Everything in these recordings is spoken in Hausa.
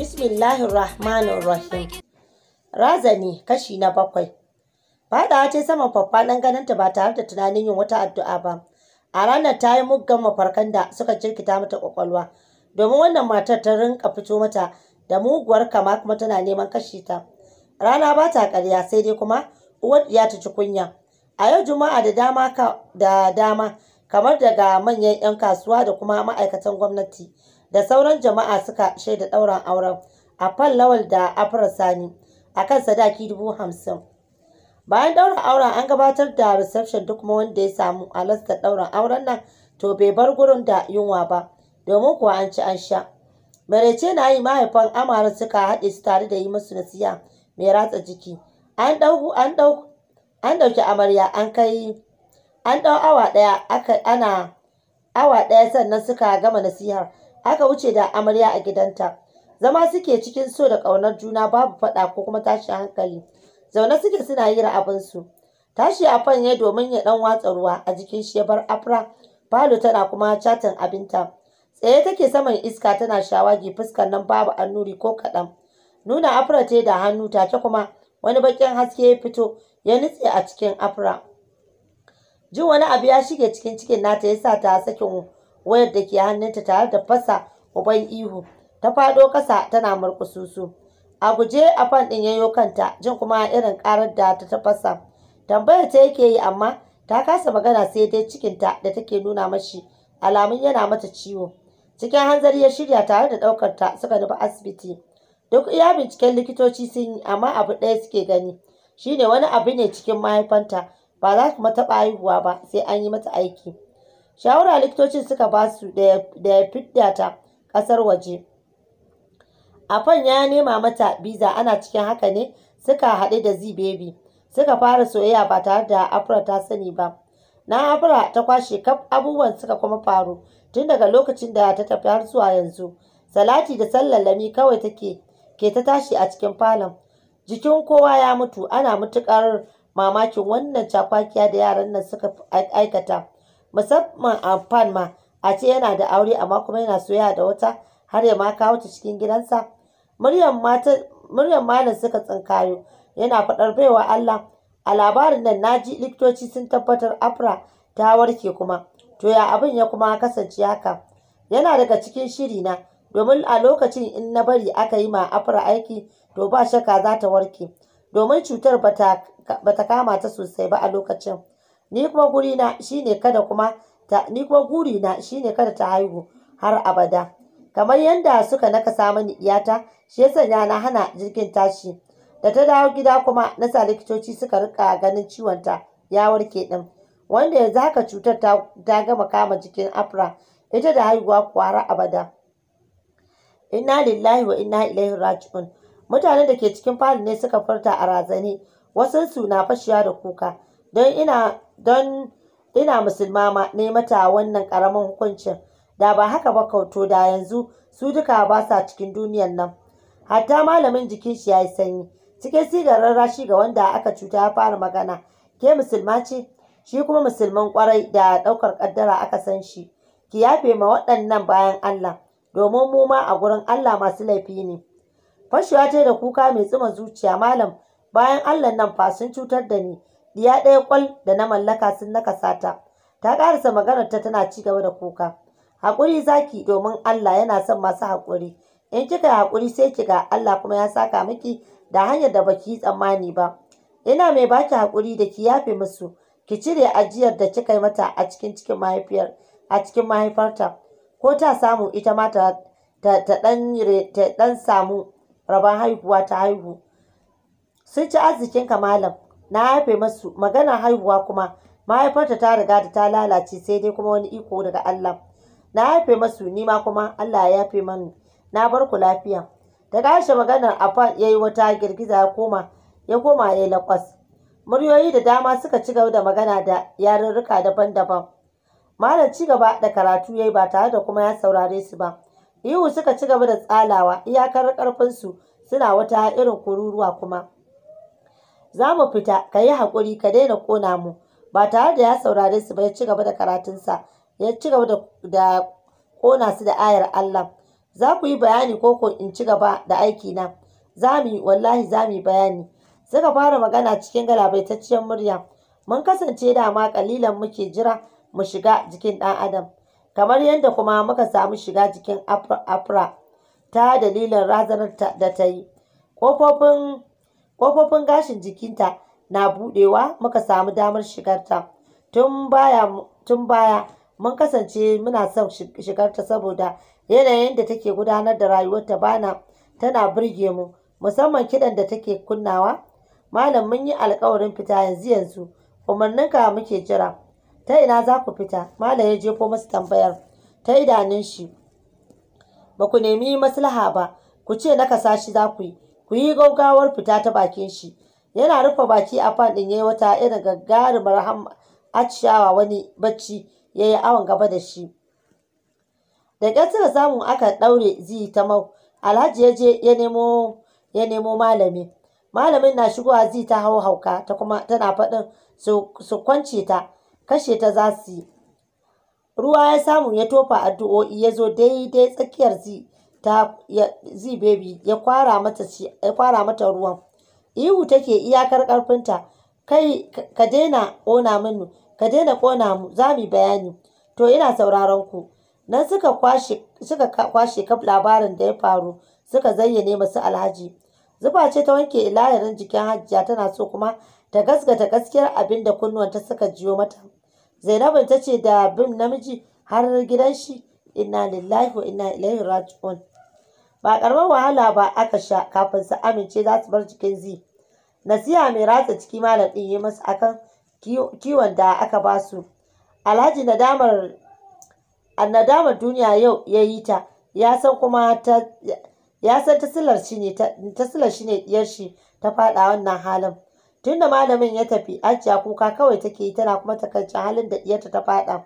Bismillahir Rahmanir Rahim. Razani kashi na bakwai. Fada ta saman faffaɗan ganinta ba tare da tunanin yin wata addu'a ba. A ranar ta yi muggan mafarkan da suka jirkita mata kwakwalwa. Domin wannan matar ta rinka fito mata da muguwar kama kuma tana neman kashi ta. Rana ba ta ƙarya sai dai kuma uwar ya ta ci kunya. A yau Juma'a da dama da dama kamar daga manyan 'yan kasuwa da kuma ma'aikatan gwamnati da sauran jama'a suka shaida ɗaurin auren a fal lawal da afra sani a kan sadaki dubu hamsin bayan ɗaurin auren an gabatar da reception duk wanda ya samu a lasta ɗaurin auren nan to bai bar gurin da yunwa ba domin kuwa an ci an sha marece na yi mahaifan amara suka haɗe su tare da yi musu nasiya mai ratsa jiki an ɗauki amarya an kai an ɗau awa ɗaya ana awa ɗaya sannan suka gama nasihar aka wuce da amarya a gidanta zama suke cikin so da ƙaunar juna babu faɗa ko kuma tashi hankali zaune suke suna hira su. tashi a fanye domin ya ɗan watsa ruwa a jikin shi ya bar afra falo tana kuma catin abinta tsaye take saman iska tana shawagi fuskar nan babu annuri ko kaɗan nuna afra ta da hannu take kuma wani baƙin haske ya fito ya nutse a cikin afra jin wani abu ya shige cikin cikin nata ya sa ta sakin wayar da ke hannunta tare da fasa uban ihu ta faɗo kasa tana murkususu. a guje a fan ɗin yayo kanta jin kuma irin karar da ta tafasa tambayar ta yake yi amma ta kasa magana sai dai cikinta da take nuna mashi alamun yana mata ciwo cikin hanzari ya shirya tare da ɗaukar ta suka nufi asibiti duk iya binciken likitoci sun yi amma abu ɗaya suke gani shine wani abu ne cikin mahaifanta ba za su mata haihuwa ba sai an yi mata aiki shawara likitocin suka ba su da ya fidda ta ƙasar waje afan ya nema mata biza ana cikin haka ne suka haɗu da zi baby suka fara soyayya ba tare da afra ta sani ba na afra ta kwashe kaf abubuwan suka kuma faru tun daga lokacin da ta tafi har zuwa yanzu salati da sallallami kawai take ke ta tashi a cikin falon jikin kowa ya mutu ana mutukar mamakin wannan cakwakiya da yaran nan suka aikata musamman amfan ma a ce yana da aure amma kuma yana soya da wata har ya ma kawo ta cikin gidansa muryan matan malam suka tsinkayo yana faɗar baiwa Allah a labarin nan na ji likitoci sun tabbatar afra ta warke kuma to ya abin ya kuma kasance haka yana daga cikin shiri na domin a lokacin in na bari aka yi ma afra aiki to ba shakka za ta warke domin cutar ba ta kama ta sosai ba a lokacin ni kuma guri na shine kada kuma ta ni kuma guri na shine kada ta haihu har abada kamar yadda suka naka nakasa mani iyata shi yasa ya na hana jirgin tashi da ta dawo gida kuma na sa likitoci suka rika ganin ciwon ta ya warke din wanda yanzu haka cutar ta, ta gama kama jikin afra ita da haihuwa kuwa har abada inna lillahi wa inna ilaihi raji'un mutanen da ke cikin falin ne suka furta a razani, wasansu na fashiya da kuka don ina don ina musulma ma ne mata wannan ƙaramin hukuncin da ba haka ba kauto da yanzu su duka ba sa cikin duniyan nan hatta malamin jikin shi ya yi sanyi cikin sigarar rashi ga wanda aka cuta ya fara magana ke musulma ce shi kuma musulman kwarai da ɗaukar ƙaddara aka san shi ki yafe ma waɗannan bayan Allah domin mu ma a gurin Allah masu laifi ne fashewa ce da kuka mai tsuma zuciya malam bayan Allah nan fa sun cutar da ni diya ɗaya kwal da na mallaka sun nakasa ta ta ƙarasa maganar ta tana ci gaba da kuka haƙuri zaki domin Allah yana son masu haƙuri in kika yi haƙuri sai ki ga Allah kuma ya saka miki da hanyar da baki tsammani ba ina mai baki haƙuri da ki yafe musu ki cire ajiyar da kika yi mata a cikin cikin mahaifiyar a cikin mahaifarta ko ta samu ita ma ta ta ɗan samu rabon haihuwa ta haihu sun ci arzikinka malam na haife masu magana haihuwa kuma mahaifarta ta riga da ta lalace sai dai kuma wani iko daga Allah na haife masu nima kuma Allah ya yafe mani na bar ku lafiya da gashe maganar ya yayi wata girgiza ya koma ya koma ya lakwas muryoyi da dama suka ci gaba da magana da yarurruka daban-daban malam ci gaba da karatu yayi ba tare da kuma ya saurare su ba ihu suka ci gaba da tsalawa iyakar karfin su suna wata irin kururuwa kuma za mu fita ka yi haƙuri ka daina kona mu ba tare da ya saurare su ba ya ci gaba da karatunsa ya ci gaba da ƙona su da ayar Allah za ku yi bayani ko ko in ci gaba da aiki na za mu wallahi za mu yi bayani suka fara magana cikin galabaitacciyar murya mun kasance dama kalilan muke jira mu shiga jikin ɗan adam kamar yadda kuma muka samu shiga jikin afra ta dalilin razanar da ta yi ƙofofin kofofin gashin jikinta na buɗewa muka samu damar shigarta tun baya tun baya mun kasance muna son shigarta saboda yanayin da take gudanar da rayuwarta bana tana burge mu musamman kiɗan da take kunnawa malam mun yi alkawarin fita yanzu yanzu umarninka muke jira ta ina za ku fita malam ya jefo masu tambayar ta idanun shi ba ku nemi maslaha ba ku ce na kasa shi za ku yi ku yi gaugawar fita ta bakin shi yana rufe baki a fan yayi wata irin gagarumar hamma aciyawa wani bacci yayi awon gaba da shi da ƙasar samun aka daure zi ta mau alhaji ya ya nemo ya nemo malami malamin na shigowa zi ta hau hauka ta kuma tana faɗin su kwance ta kashe ta za su yi ruwa ya samu ya tofa addu'o'i ya zo daidai tsakiyar zi ta baby ya kwara mata ya kwara mata ruwan ihu take iyakar karfinta kai ka daina kona mini ka daina kona mu za mu bayani to ina sauraron ku nan suka kwashe suka kwashe kaf labarin da ya faru suka zayyane masu alhaji zuba ce ta wanke ilayarin jikin hajjiya tana so kuma ta gasgata gaskiyar abin da kunnuwanta suka jiyo mata zainabin ta ce da bin namiji har gidan shi inna lillahi wa inna ilaihi raji'un ba karamar wahala ba aka sha kafin su amince za su bar jikin zi nasiha mai ratsa ciki malam ɗin yi masa akan kiwon da aka ba su alhaji nadamar nadamar duniya yau ya yi ta ya san kuma ta ya san tasilar shi ne tasilar shi ne diyar shi ta faɗa wannan halin tunda malamin ya tafi Hajiya kuka kawai take yi tana kuma takaice halin da diyarta ta faɗa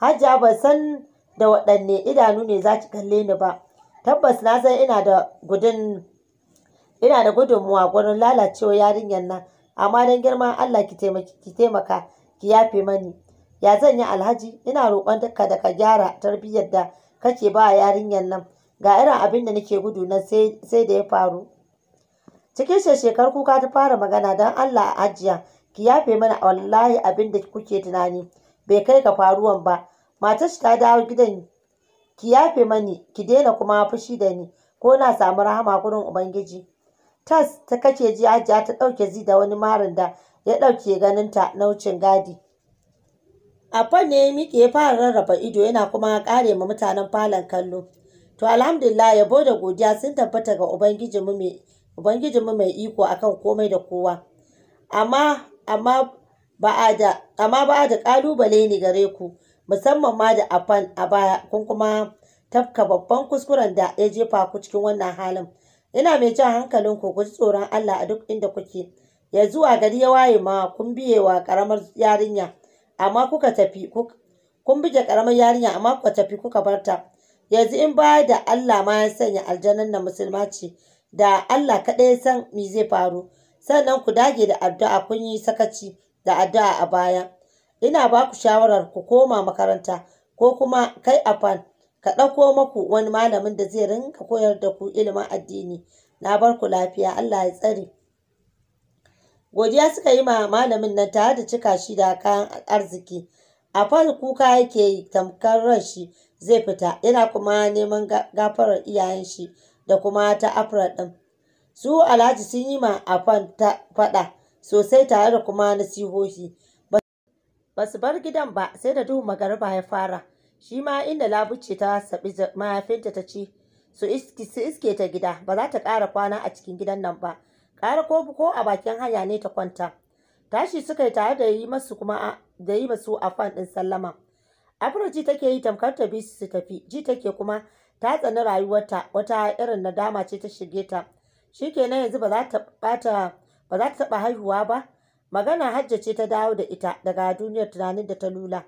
Hajiya ban san da waɗanne idanu ne za ki kalle ni ba tabbas na san ina da gudun ina da gudunmuwa gurin lalacewa yarinyar nan amma don girman Allah ki taimaka ki yafe mani ya zan yi alhaji ina roƙon ka da ka gyara tarbiyyar da kake ba yarinyar nan ga irin abin da nake gudu na sai da ya faru cikin shekar kuka ta fara magana don Allah a ajiya ki yafe mana wallahi abin da kuke tunani bai kai ka faruwan ba matar ta dawo gidan ki yafe mani ki daina kuma fushi da ni ko na samu rahama gurin ubangiji tas ta kace ji hajiya ta ɗauke zi da wani marin da ya ɗauke ganinta na wucin gadi a ne ya miƙe ya fara rarraba ido yana kuma ƙare ma mutanen falon kallo. To alhamdulillah yabo da godiya sun tabbata ga Ubangijinmu mai Ubangijinmu mai iko akan komai da kowa. Amma amma ba a da amma ba da ƙalubale ne gare ku musamman ma da afan a baya kun kuma tafka babban kuskuren da ya jefa ku cikin wannan halin ina mai jan hankalin ku guji tsoron Allah a duk inda kuke ya zuwa gari ya waye ma kun biye wa karamar yarinya amma kuka tafi kun bige karamar yarinya amma kuka tafi kuka barta yanzu in ba da Allah ma ya sanya aljannan na musulma ce da Allah kaɗai ya san me zai faru sannan ku dage da addu'a kun yi sakaci da addu'a a baya ina ba ku shawarar ku koma makaranta ko kuma kai afan ka ɗauko maku wani malamin da zai rinka koyar da ku ilimin addini na bar ku lafiya Allah ya tsare godiya suka yi ma malamin nan tare da cika shi da kayan arziki afan kuka yake yi tamkar rashi zai fita yana kuma neman gafarar iyayen shi da kuma ta afra ɗin su alhaji sun yi ma afan ta faɗa sosai tare da kuma nasihohi ba su bar gidan ba sai da duhun magariba ya fara shi ma inda labuce ta sabi mahaifinta ta ce su iske ta gida ba za ta ƙara kwana a cikin gidan nan ba ƙara ko ko a bakin hanya ne ta kwanta tashi suka yi tare da yi masu kuma da yi masu ɗin sallama afroji take yi tamkar ta bi su tafi ji take kuma ta tsani rayuwarta wata irin nadama ce ta shige ta kenan yanzu ba za ta ba za ta taɓa haihuwa ba Magana Hajja ce ta dawo da ita daga duniyar tunanin da ta lula.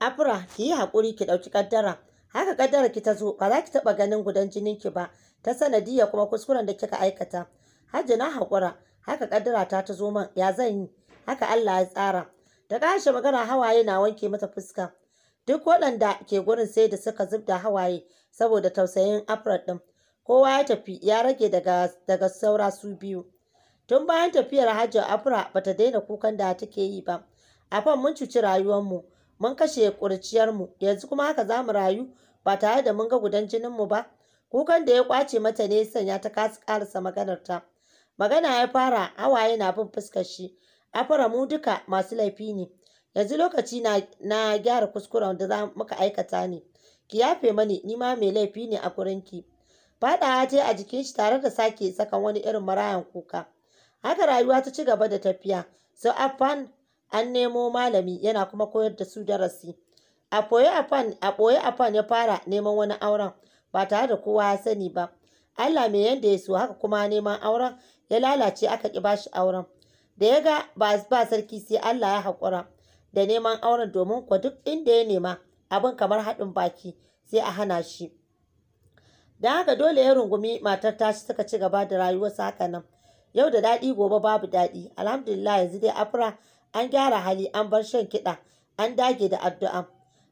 Afra, ki yi haƙuri ki ɗauki ƙaddara. Haka ƙaddara ki ta zo, ba za ki taɓa ganin gudan jinin ki ba, ta sanadiyya kuma kuskuren da kika aikata. Hajja na haƙura, haka ƙaddara ta ta zo man, ya zan yi, haka Allah ya tsara. Da ƙarshe magana hawaye na wanke mata fuska. Duk waɗanda ke gurin sai da suka zubda hawaye saboda tausayin Afra ɗin. Kowa ya tafi ya rage daga, daga saura su biyu. tun bayan tafiyar hajjar afra bata daina kukan da take yi ba afan mun cuci rayuwarmu mun kashe ƙurciyarmu yanzu kuma haka za mu rayu ba tare da mun ga gudan jininmu ba kukan da ya kwace mata ne sanya ta kasu ƙarasa maganar ta magana ya fara hawaye na bin fuskar shi afra mu duka masu laifi ne yanzu lokaci na, na gyara kuskuren da za muka aikata ne ki yafe mani ni ma mai laifi ne a gurinki faɗawa ta a jikin shi tare da sake sakan wani irin marayan kuka Haka rayuwa ta ci gaba da tafiya. so afan an nemo malami yana kuma koyar da su darasi. A ɓoye afan ya fara neman wani auren ba tare da kowa ya sani ba. Allah mai yanda ya so haka kuma neman auren ya lalace aka ƙi bashi auren. Da ya ga ba sarki sai Allah ya haƙura da neman auren domin kwa duk inda ya nema abin kamar haɗin baki sai a hana shi. Da haka dole ya rungumi matar tashi suka ci gaba da rayuwarsa haka nan. yau da daɗi gobe babu daɗi alhamdulillah yanzu dai afra an gyara hali an bar shan kiɗa an dage da addu'a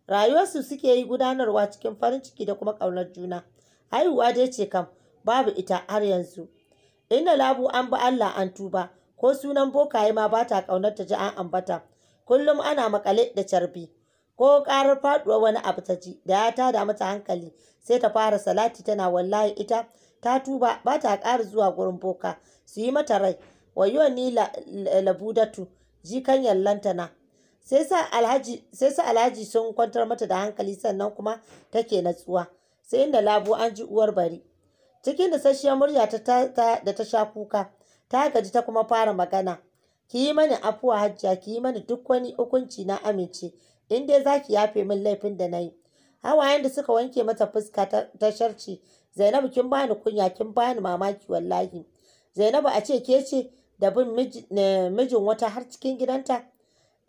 rayuwarsu suke yi gudanarwa cikin farin ciki da kuma ƙaunar juna haihuwa dai ce kam babu ita har yanzu inna labu an bi Allah an tuba ko sunan bokaye ma ba ta ƙaunar ta ji an ambata kullum ana makale da carbi ko ƙarar faɗuwar wani abu ta ji da ya tada mata hankali sai ta fara salati tana wallahi ita ta tuba ba ta ƙara zuwa gurin boka su yi mata rai wayo ni labudatu Ji kan yallanta na. sai sa alhaji sun kwantar mata da hankali sannan kuma take natsuwa sai inda labu an ji uwar bari cikin sashiya murya da ta sha kuka ta gaji ta kuma fara magana ki yi mani afuwa hajjia ki yi mani duk wani hukunci na amince in dai za ki yafe min laifin da na yi hawayen da suka wanke mata fuska ta sharci Zainabu kin bani kunya kin bani mamaki wallahi Zainabu a ce ke ce da bin mijin wata har cikin gidanta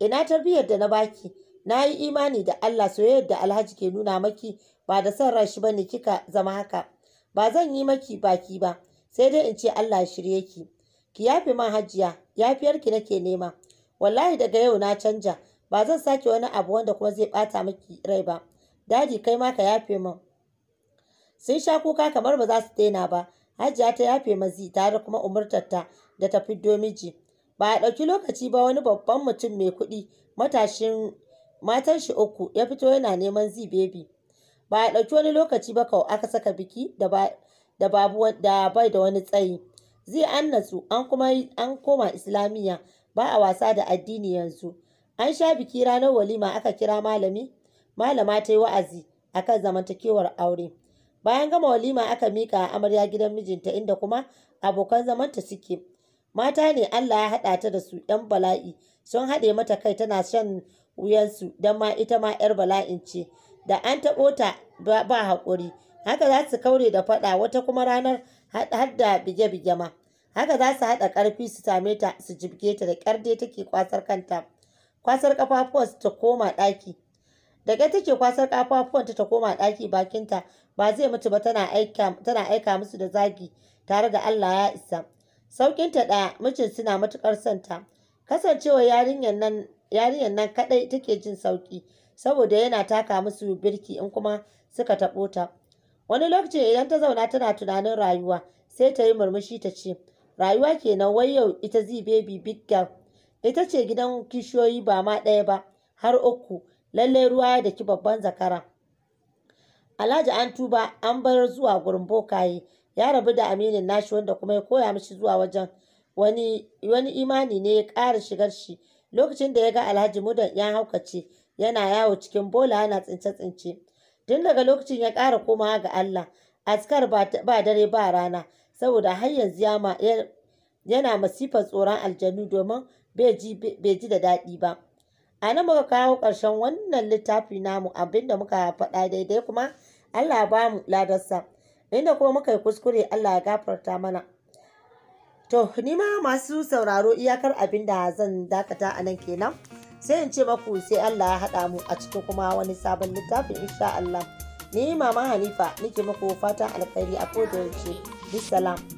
ina tarbiyyar da na baki na yi imani da Allah soyayyar da Alhaji ke nuna maki ba da son ran shi bane kika zama haka ba zan yi maki baki ba sai dai in ce Allah shirye ki ki yafe man hajiya yafiyar ki nake nema wallahi daga yau na canja ba zan sake wani abu wanda kuma zai bata miki rai ba dadi kai ma ka yafe min sun sha kuka kamar ba za su daina ba hajiya ta yafe mazi tare kuma umurtarta da ta fiddo miji ba a ɗauki lokaci ba wani babban mutum mai kuɗi matashin matan shi uku ya fito yana neman zi bebi ba a ɗauki wani lokaci ba kawai aka saka biki da babu da bai da wani tsayi zai an natsu an kuma an koma islamiyya ba a wasa da addini yanzu an sha biki ranar walima aka kira malami malama ta yi wa'azi akan zamantakewar aure bayan gama walima aka mika amarya gidan mijinta inda kuma abokan zamanta suke mata ne Allah ya haɗa ta da su ‘yan bala'i sun haɗe mata kai tana shan wuyansu don ma ita ma ‘yar bala'in ce da an taɓo ta ba haƙuri haka za su kaure da faɗa wata kuma ranar har bige-bige ma haka za su haɗa ƙarfi su same ta su jibge ta da ƙyar dai take kwasar kanta kwasar su ta koma ɗaki daga ta take kwasar kafafuwanta ta koma ɗaki bakinta ba zai mutu ba tana aika tana aika musu da zagi tare da Allah ya isa saukin ta ɗaya mijin suna matukar santa kasancewa yarinyar nan yarinyar nan kadai take jin sauki saboda yana taka musu birki in kuma suka taɓo ta wani lokaci idan ta zauna tana tunanin rayuwa sai ta yi murmushi ta ce rayuwa kenan wai yau ita zi baby big girl ita ce gidan kishiyoyi ba ma ɗaya ba har uku lallai ruwa ya daki babban zakaran alhaji an tuba an bar zuwa gurin bokaye ya rabu da aminin nashi wanda kuma ya koya mishi zuwa wajen wani imani ne ya ƙara shigar shi lokacin da ya ga alhaji mudan ya haukace yana yawo cikin bola yana tsince-tsince tun daga lokacin ya ƙara komawa ga allah askar ba dare ba rana saboda har yanzu yana masifar tsoron aljanu domin bai ji da daɗi ba a nan muka kawo ƙarshen wannan littafi namu abinda muka faɗa daidai kuma allah ba mu ladarsa inda kuma muka yi kuskure allah ya gafarta mana to ni ma masu sauraro iyakar abinda zan dakata a nan kenan sai in ce maku sai allah ya haɗa mu a cikin kuma wani sabon littafin insha allah ni mama hanifa nake muku fatan alkhairi a kodayaushe bisalam